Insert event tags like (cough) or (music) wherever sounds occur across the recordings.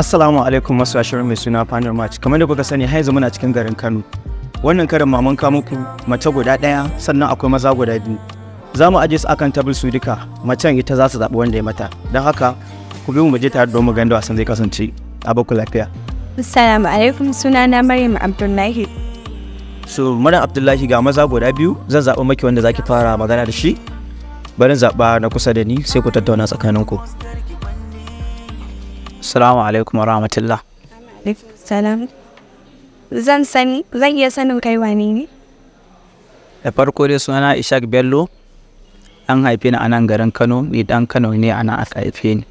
Assalamu alaikum masu ashirin mai suna Fanar March. Kamar da kuka sani haizu muna cikin garin Kano. Wannan karin maman ka muku mace guda ɗaya sannan akwai maza guda biyu. Za mu ajiye su akan tabul su duka macen ita za su zaɓi wanda ya mata. Don haka ku bi mu je tare don mu ganin wasan zai kasance. A baku lafiya. Assalamu alaikum suna na Maryam Abdullahi. So Maryam Abdullahi ga maza guda biyu zan zaɓi maki wanda zaki fara magana da shi. Barin zaɓa na kusa da ni sai ku tattauna tsakaninku. Assalamu alaikum wa Zan iya sanin kai wane ne? Da farko dai suna ishak Bello, an haife ni a nan garin Kano, ni dan Kano ne a nan aka haife ni.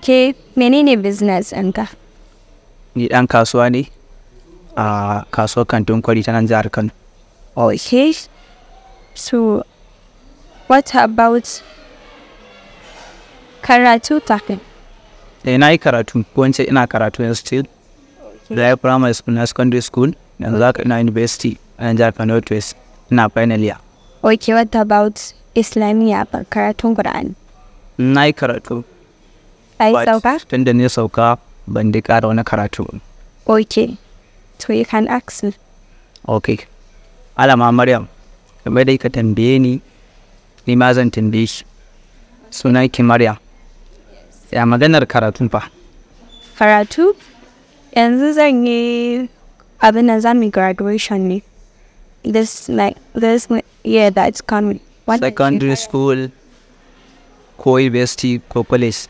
Ke menene business ɗinka? Ni dan kasuwa ne a kasuwar kantin kwari ta nan jihar Kano. Okay. So, what about karatu tafi? da eh, na yi karatu ko in ina karatu yanzu ce da ya primary school na secondary school yanzu ka ina university a yan jihar Kano West ina final year okay what about Islamiyya ba karatun Qur'ani na yi karatu ai sauka tun da ne sauka ban da ƙara wani karatu okay to you can ask me okay alama Maryam kamar dai ka tambaye ni ni ma zan tambaye shi sunan ki Maryam Ya maganar karatun fa? Karatu? Yanzu zan yi abin nan za mu graduation ne. This like this year that's coming. What Secondary school ko university ko college?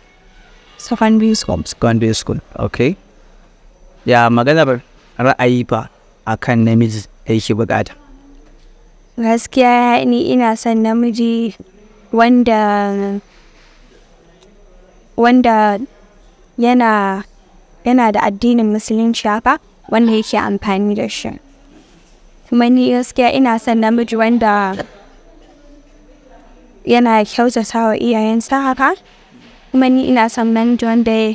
Secondary school. Secondary school, okay. Ya maganar ra'ayi fa akan namiji yake bukata? Gaskiya ni ina son namiji wanda wanda yana yana da addinin musulunci haka wanda yake amfani da shi kuma ni gaskiya ina son namiji wanda yana kyautata wa iyayensa haka kuma ni ina son namiji wanda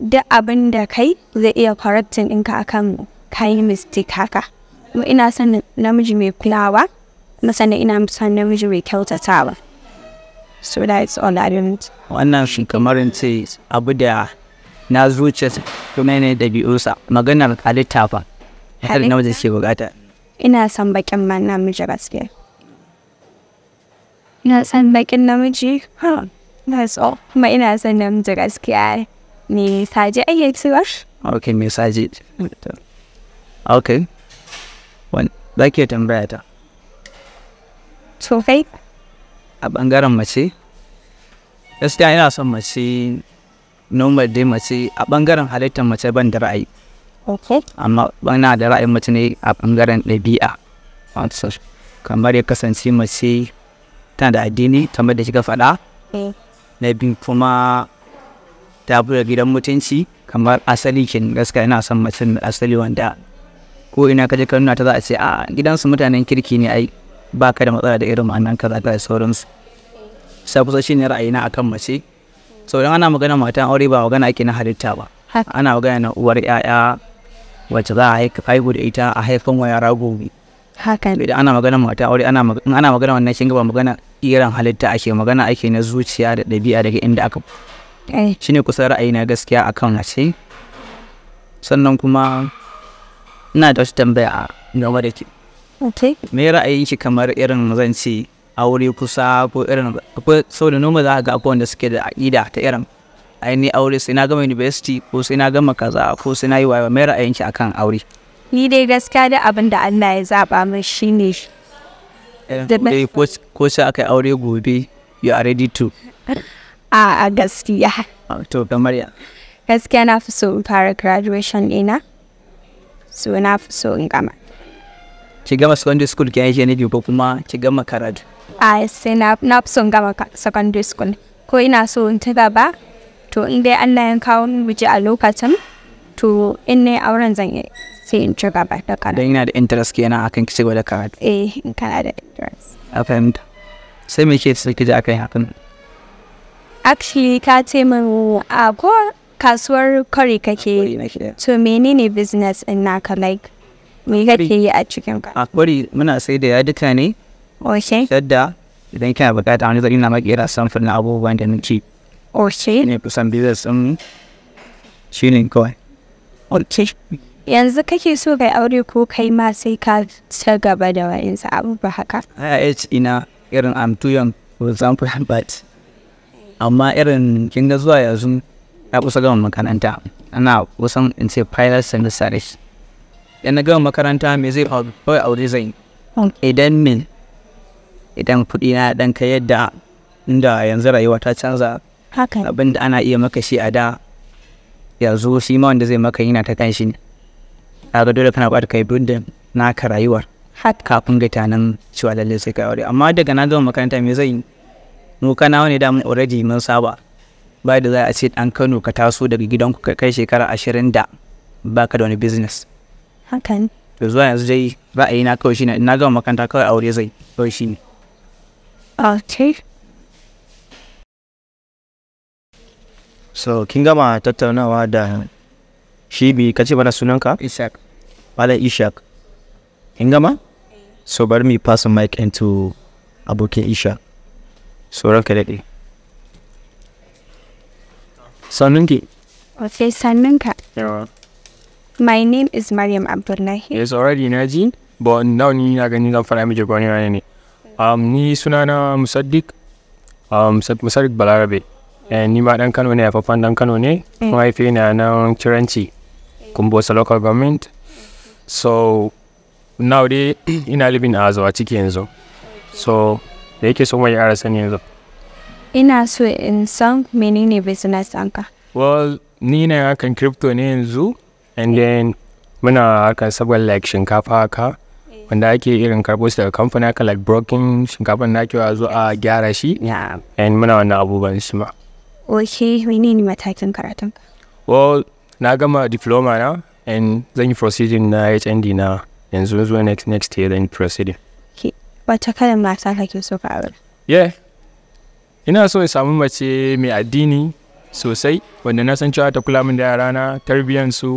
duk abin da kai zai iya correcting ɗinka kan kayi mistake haka kuma ina son namiji mai kulawa kuma ina son namiji mai kyautatawa suna that's all wannan shi kamar in ce abu da na zuciya kuma ne ɗabi'unsa maganar halitta fa har na wajen ke bukata ina son bakin ma namiji gaske ina son bakin namiji na that's kuma ina son namiji gaskiya ne saje ake cewa ok me saje ok wani zaki tambaya ta sosai a ɓangaren mace gaskiya ina son mace normal dai mace a ɓangaren halittar mace ban da ra'ayi amma bana da ra'ayin mace ne a ɓangaren ɗabi'a kamar ya kasance mace tana da addini kamar da shiga faɗa eh. na biyu kuma ta bude gidan mutunci kamar asali kin gaskiya ina son mace asali wanda ko ina kaje ka nuna ta za a ce a ah, gidansu mutanen kirki ne ai ba ka da matsala da irin ma'anan kaza da sauransu sai kusa shi ne ra'ayina akan mace sau don ana magana matan aure ba magana ake na halitta ba ana magana na uwar 'ya'ya wacce za a haihu da ita a haifan wa yara gobe ne idan ana magana mata aure ana ana magana wannan shi ba magana iran halitta ake magana ake na zuciya da ɗabi'a daga inda aka eh. shine kusan ra'ayi na gaskiya akan mace sannan kuma ina da wasu tambaya game da ke me ra'ayin kamar irin zan ce aure kusa ko irin akwai sau da noma za a ga akwai wanda suke da aƙida ta irin ainihin aure sai na gama university ko sai na gama kaza ko sai na yi wayewa mai ra'ayinki akan aure. Ni dai gaskiya da abin da Allah ya zaɓa min shi ne. Eh, eh, ko sai aka yi aure gobe you are ready to. (laughs) A gaskiya. Ah, to kamar ya. Gaskiya na fi so in fara graduation ɗina. So na fi so in gama. ci gama secondary school ki ne nufi ko kuma ci gama karatu a sai na na son gama secondary school ko ina so in ta gaba to in dai Allah ya kawo min wuce a lokacin to in ne auren zan yi sai in ci gaba da karatu dan ina da interest kenan akan ci gaba da karatu eh in kana da interest a fahimta sai me ke so ki ji akan hakan actually ka ce min a ko kasuwar kori kake to menene business in naka like me kake yi a cikin ka Akwari muna sai da yaduka ne oshe shadda idan kana bukata wani zari na makera samfur na abubuwan da nake oshe ne kusan zai sun shi ne kawai oshe yanzu kake so kai aure ko kai ma sai ka ci gaba da wa'insu abubuwa haka a H ina irin i'm too young for example (laughs) but amma irin kin ga zuwa yanzu na kusa gama makaranta ana kusan in ce pilot semester da na gama makaranta me zai faru kawai aure zan yi idan min idan kuɗi na ɗan ka yadda inda yanzu rayuwa ta canza abin da ana iya maka shi a da yanzu shi ma wanda zai maka yana ta kan shi ne A ga dole kana ba kai bindin naka rayuwar kafin ga tanan cewa lallai sai kai aure amma daga na gama makaranta me zai yi mu kana wani da mun already mun saba ba da za a ce ɗan Kano ka taso daga gidanku kai shekara ashirin da baka da wani business hakan da zuwa yanzu dai ra'ayi na kawai shine na gama makaranta kawai aure zai kawai shine okay so kin gama tattaunawa da shi bi kace mana sunanka ishaq malam ishaq kin gama eh. so bari mu pass the mic into abokin ishaq so ranka dade sannunki ok sannunka yawa My name is Mariam Abdullahi. Yes, already Ajin. but now ni na gani zan fara miki gwani rana ne. Um, ni sunana Musaddiq, um, Musaddiq Balarabe. And ni dan Kano ne, fan dan Kano ne, kuma eh. haife na nan Kiranci, Kumbosa local government. So, now dai (clears throat) ina living a Azawa ciki yanzu. So, da yake so mai ƙara sani yanzu. Ina so in san menene business anka? Well, ni na hakan crypto ne yanzu. and then muna haka sabon like shinkafa haka eh. wanda ake irin karbo su daga kamfani haka like broken shinkafan na kewa zo a gyara shi and muna wani abubuwan shi ma ok mene ne matakin karatun well na gama diploma na and zan yi proceeding na hnd na yanzu zuwa next next year then proceeding wata kalan mata kake so ka aure yeah ina so in samu mace mai addini sosai wanda na san cewa ta kula min da yarana tarbiyyar su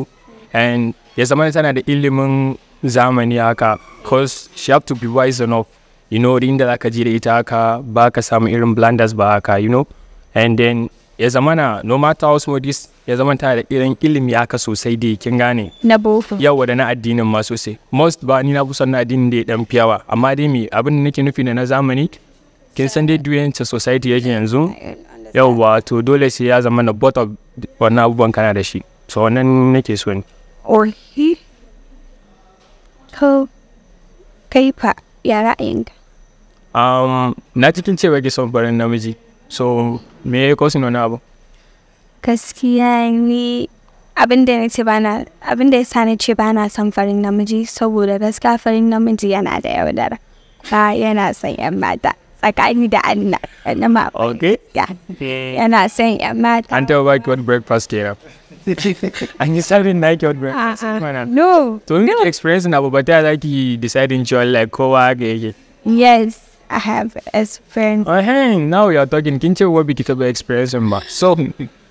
and ya zama tana da ilimin zamani haka cause she have to be wise enough you know inda za ji da ita haka ba ka samu irin blunders ba haka you know and then ya zama na no matter how small this ya zama tana da irin ilimi haka sosai dai kin gane na bofa yawa da na addinin ma sosai most ba ni na fi son na addinin da ya dan fiyawa amma dai me abin da nake nufi da na zamani kin san dai duyanta society yake yanzu yawa to dole sai ya zama na both of wannan abubuwan kana da shi so wannan nake so ne or he ko kaifa ya ra'ayinka um na cikin cewa ke son barin namiji so me ya na wani abu gaskiya ni abin da nace bana abin da na ce bana son farin namiji saboda gaskiya farin namiji yana da yaudara ba yana son yan mata tsakani da Allah na yana son yan mata an taɓa ki wani breakfast kenan (laughs) and you started ah, ah. like your breakfast. Uh, uh, no. So no. experience in Abubakar like you decided to like co-work. Eh, eh. Yes. I have experience. Oh, hey, now you're talking. Kince wa bi kita experience ba. So,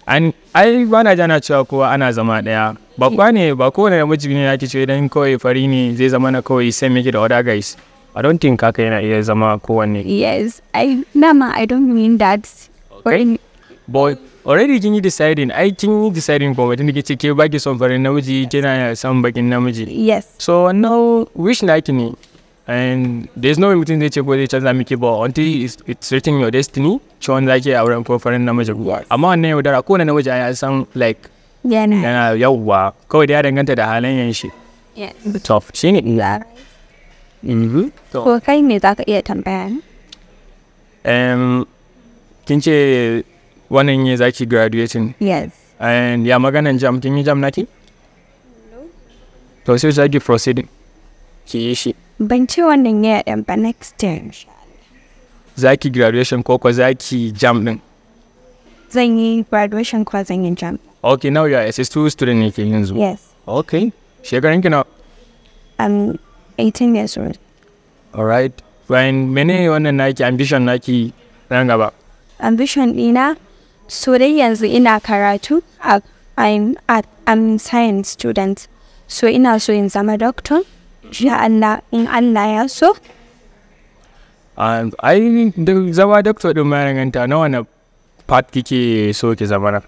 an ai ba jana cewa kowa ana zama daya. Babba ne ba kowane namiji ne yake cewa idan kawai fari zama na kawai sai miki da other guys. I don't think haka yana iya zama kowanne. Yes, I nama I don't mean that. Okay. But already kin yi deciding ai kin yi deciding kuma tun da ke ce ke baki son farin namiji kina son bakin namiji yes so now which na ne and there's no way mutum zai ce ko zai canza miki ba until it's, it's written your destiny ciwon za ki auren ko farin namiji amma wannan yaudara kowane namiji ya san like yana yana yawwa kawai da ya danganta da halayen shi yes tough shine yeah. Mm -hmm. Ko kai me za ka iya tambaya? Um, kin ce wannan za ki graduating yes and ya maganan jam kin yi jam naki no to sai zaki proceed ki yi shi ban ci wannan year din ba next year zaki graduation ko ko zaki jam din zan yi graduation ko zan yi jam okay now you are ss2 student ne ke yanzu yes okay shekarun ki nawa I'm um, 18 years old all right when mene wannan naki ambition naki nan gaba ambition dina So dai yanzu ina karatu a I'm at I'm science student. So ina so in zama doctor. Ya Allah in Allah ya so. Ai zama doctor din ma ganta na wani part kike so ki zama na?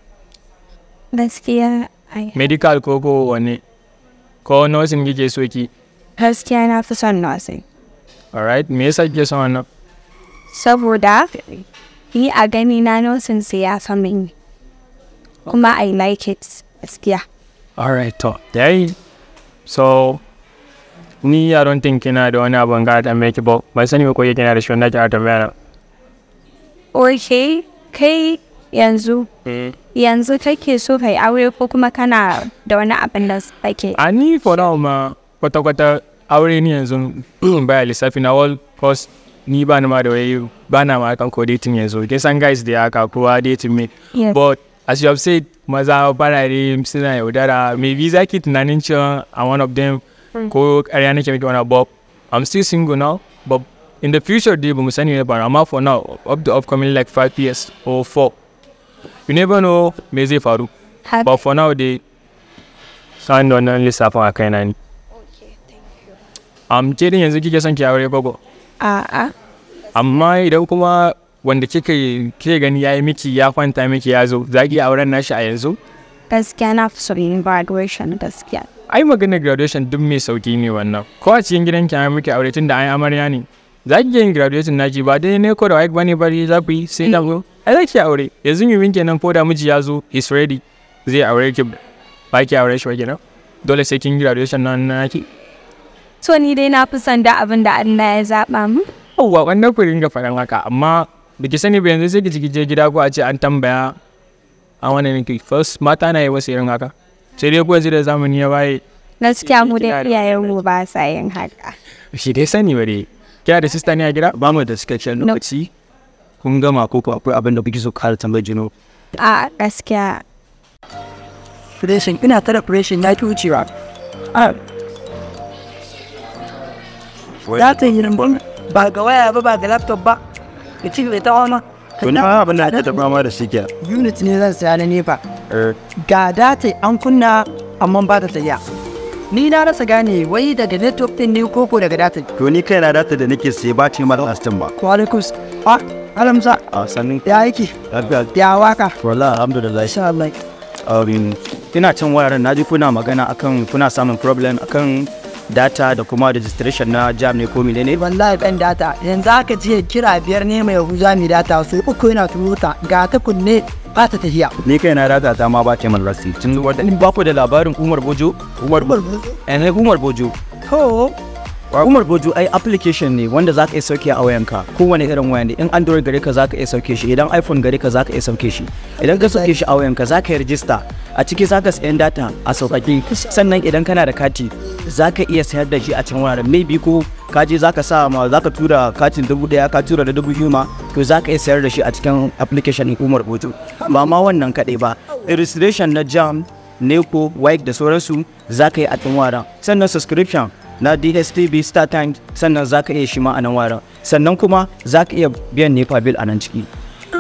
Gaskiya ai. Medical ko ko wani ko nursing kike so ki? Gaskiya na fi son nursing. Alright, me yasa kike son wannan? Saboda ni a gani na su ya sami kuma I like it gaskiya all right to dai so ni I don't think kina da wani abun ga da make ba bai sani ba ko yake na da shi wannan ki tambaya na okay kai yanzu hmm. yanzu kake so kai aure ko kuma kana da wani abin da kake a ni for now ma kwata-kwata aure ni yanzu (clears throat) bayan lissafi na all cost ni ba ma da ba na ma kan ko dating yanzu ke san guys da haka kowa dating me but as you have said maza barare suna me visa kit na tunanin cewa a one of them hmm. ko ƙarya nake miki wani bob i'm still single now but in the future dai ba mu sani ne ba amma for now up to upcoming like five years or four you never know meze faru but for now dai sa'an da wannan lissafin a kaina Okay, thank you. Um, ke yanzu kike son ki aure gogo? A'a. Amma idan kuma wanda kika ke gani ya yi miki ya kwanta miki ya zo za ki auren nashi a yanzu? Gaskiya na fi so yin graduation gaskiya. Ai magana graduation duk mai sauki ne wannan. Ko a cikin gidan ki an miki aure tun da an yi amarya ne. Za ki yin graduation naki ba dai ne ko da wai bane bari za ku yi sai da zo. Ai za ki aure yanzu mi winke nan ko da miji ya zo he's ready zai aure ki ba ki aure shi ba kenan. Dole sai kin graduation nan naki. to ni dai na fi son da abin da Allah ya zaɓa mu. Yawwa wannan ku ringa faɗan haka amma da ki sani ba yanzu sai ki je gida ko a ce an tambaya a wannan ki first mata na yi wasu irin haka sai dai ko yanzu da zamani ya baye. Gaskiya mu dai iyayen mu ba sa yin haka. Shi dai sani ba dai. da sista ne a gida? Ba mu da cikakken lokaci. Kun gama ko ko akwai abin da kuke so kare tambayar jino. A gaskiya. fureshin ina tara fureshin na ki wucewa. za ta yi rambon ba ga waya ba ba ga laptop ba ka ci bai ta ona to ni ma abin da ake tabbama da shi ke unit ne zan saya na nefa eh. ga data an kunna amma ba ta tsaya ni na rasa gane wai daga network din ne koko daga data to ni kai na data da nake sai ba ce mara lastin ba wa alaikum a ah, alamsa a ah, sanin. ya yake ya waka wala alhamdulillah insha Allah um, ina cin wuraren ji kuna magana akan kuna samun problem akan data da kuma registration na jam ne ko mene ne wallahi ban data yanzu aka ce kira biyar ne mai yahuza mai data su uku yana turuta ga ta kunne ba ta tafiya ni kai na data ta ma ba ta man rasi tun wanda ba ku da labarin Umar Bojo Umar Bojo eh Umar Bojo ho Umar Bojo ai application ne wanda zaka iya sauke a wayanka kowane irin waya ne in Android gare ka zaka iya sauke shi idan iPhone gare ka zaka iya sauke shi idan ka sauke shi a wayanka zaka yi register a ciki zaka sayan data a sauƙaƙe sannan idan kana da kati za ka iya sayar da shi a can wuraren maybe ko ka je za ka sa ma za ka tura katin dubu daya ka tura da dubu biyu ma to za ka iya sayar da shi a cikin application umar boto ba ma wannan kaɗai ba registration na jam ne ko wike da sauransu za ka yi a can wuraren sannan subscription na dstv star times sannan za ka iya shi ma a nan wuraren sannan kuma za ka iya biyan nepa bill a nan ciki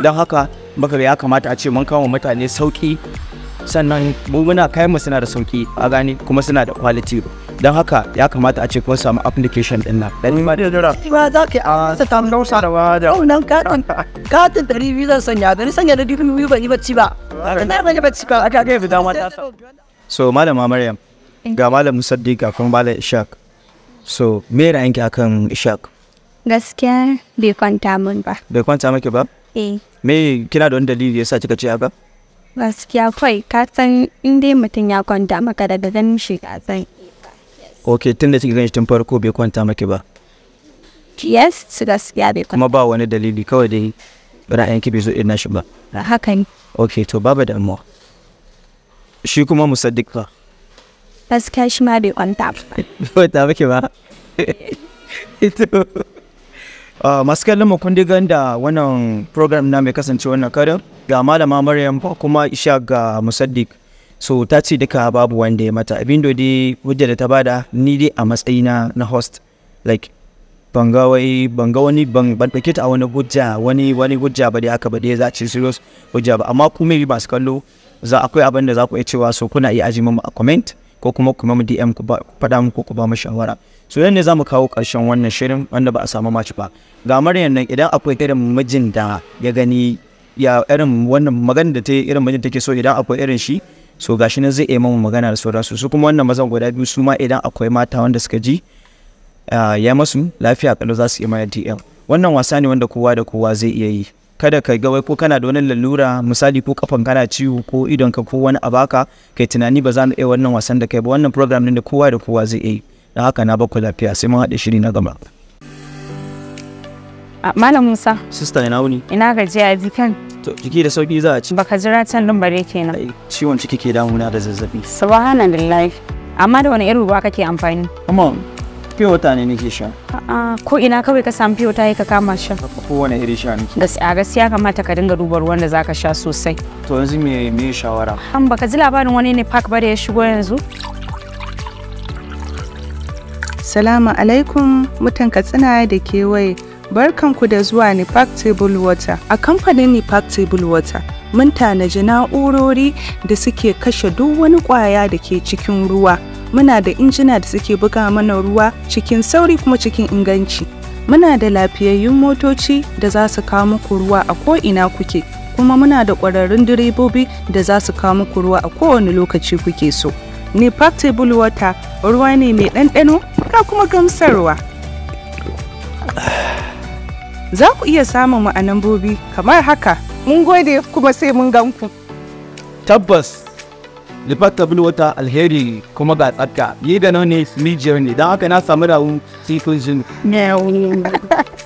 don haka baka ya kamata a ce mun kawo mutane sauki sannan mu muna kayan mu suna da sauki a gani kuma suna da quality don haka ya kamata a ce kuma samu application din nan dan ma da dora ba za ka a sa ta mun sa da wannan katon katin 200 zan sanya da ni sanya da 200 ba ni ci ba na ban ba ci ba aka ga da ta. so malama maryam eh. ga malam musaddiq kafin malam ishaq so me ra'ayinki akan ishaq gaskiya bai kwanta mun ba bai kwanta miki ba eh me kina da wani dalili yasa kika ce haka gaskiya kai ka san in dai mutum ya kwanta maka daga ganin shi ka san ok tun da kika ganshi tun farko bai kwanta maki ba yes su gaskiya bai kuma ba wani dalili kawai dai ra'ayinki bai zo irin shi ba haka ne ok to babu damuwa shi kuma musaddiq fa gaskiya shi ma bai kwanta ba (laughs) kwanta maki ba ito (laughs) ah, masu kallon mu kun diga da wannan program na mai kasance wannan karin ga malama maryam kuma isha ga musaddiq so ta ce duka babu wanda ya mata abin da dai hujja da ta bada ni dai a matsayi na host like ban ga wai wani ban ban dauke ta a wani hujja wani wani hujja ba dai aka ba dai za a ce serious hujja ba amma ku maybe masu kallo za akwai abin da za ku iya cewa so kuna iya aji mu a comment ko kuma kuma mu DM ku faɗa mu ko ku ba mu shawara so yan ne zamu kawo ƙarshen wannan shirin wanda ba a samu match ba ga Maryam nan idan akwai irin mijin da ya gani ya irin wannan magana da ta irin mijin take so idan akwai irin shi so gashi nan zai iya mamu magana da sauransu su kuma wannan mazan guda biyu su ma idan akwai mata wanda suka ji ya masu lafiya kalau za su iya maya dm wannan wasa ne wanda kowa da kowa zai iya yi kada ka ga wai ko kana da wani lalura misali ko kafan kana ciwo ko idon ka ko wani abaka kai tunani ba za mu iya wannan wasan da kai ba wannan program ne da kowa da kowa zai iya yi da haka na baku lafiya sai mun haɗa shiri na gaba Malam Musa. Sista ina wuni. Ina gajiya jikin. To jiki da sauki za a ci. Baka jira can nan bare kenan. Ciwon ciki ke damuna da zazzabi. Subhanallah. Amma da wani irin ruwa kake amfani? Amma fiye wata ne nake sha. a'a ko ina kawai ka samu fiye yi ka kama sha. Kowane iri sha nake. Gaskiya gaskiya kamata ka dinga duba ruwan da zaka sha sosai. To yanzu me me shawara? An baka ji labarin wani ne park ba da ya shigo yanzu? Salamu alaikum mutan Katsina da kewaye. barkanku da zuwa Nipak Table Water. A kamfanin Nipak Table Water, mun tanaji na'urori da suke kashe duk wani ƙwaya da ke cikin ruwa. Muna da injina da suke buga mana ruwa cikin sauri kuma cikin inganci. Muna da lafiyayyun motoci da za su kawo muku ruwa a ko'ina kuke, kuma muna da ƙwararrun direbobi da za su kawo muku ruwa a kowane lokaci kuke so. Nipak Table Water ruwa ne mai ɗanɗano ka kuma gamsarwa. za ku iya samun mu a kamar haka. Mun gode kuma sai mun gan ku. Tabbas Lifar tabin alheri kuma ga tsaka. Ni da nan ne mijiyar ne, don haka na samu rawun sifin jini. (laughs)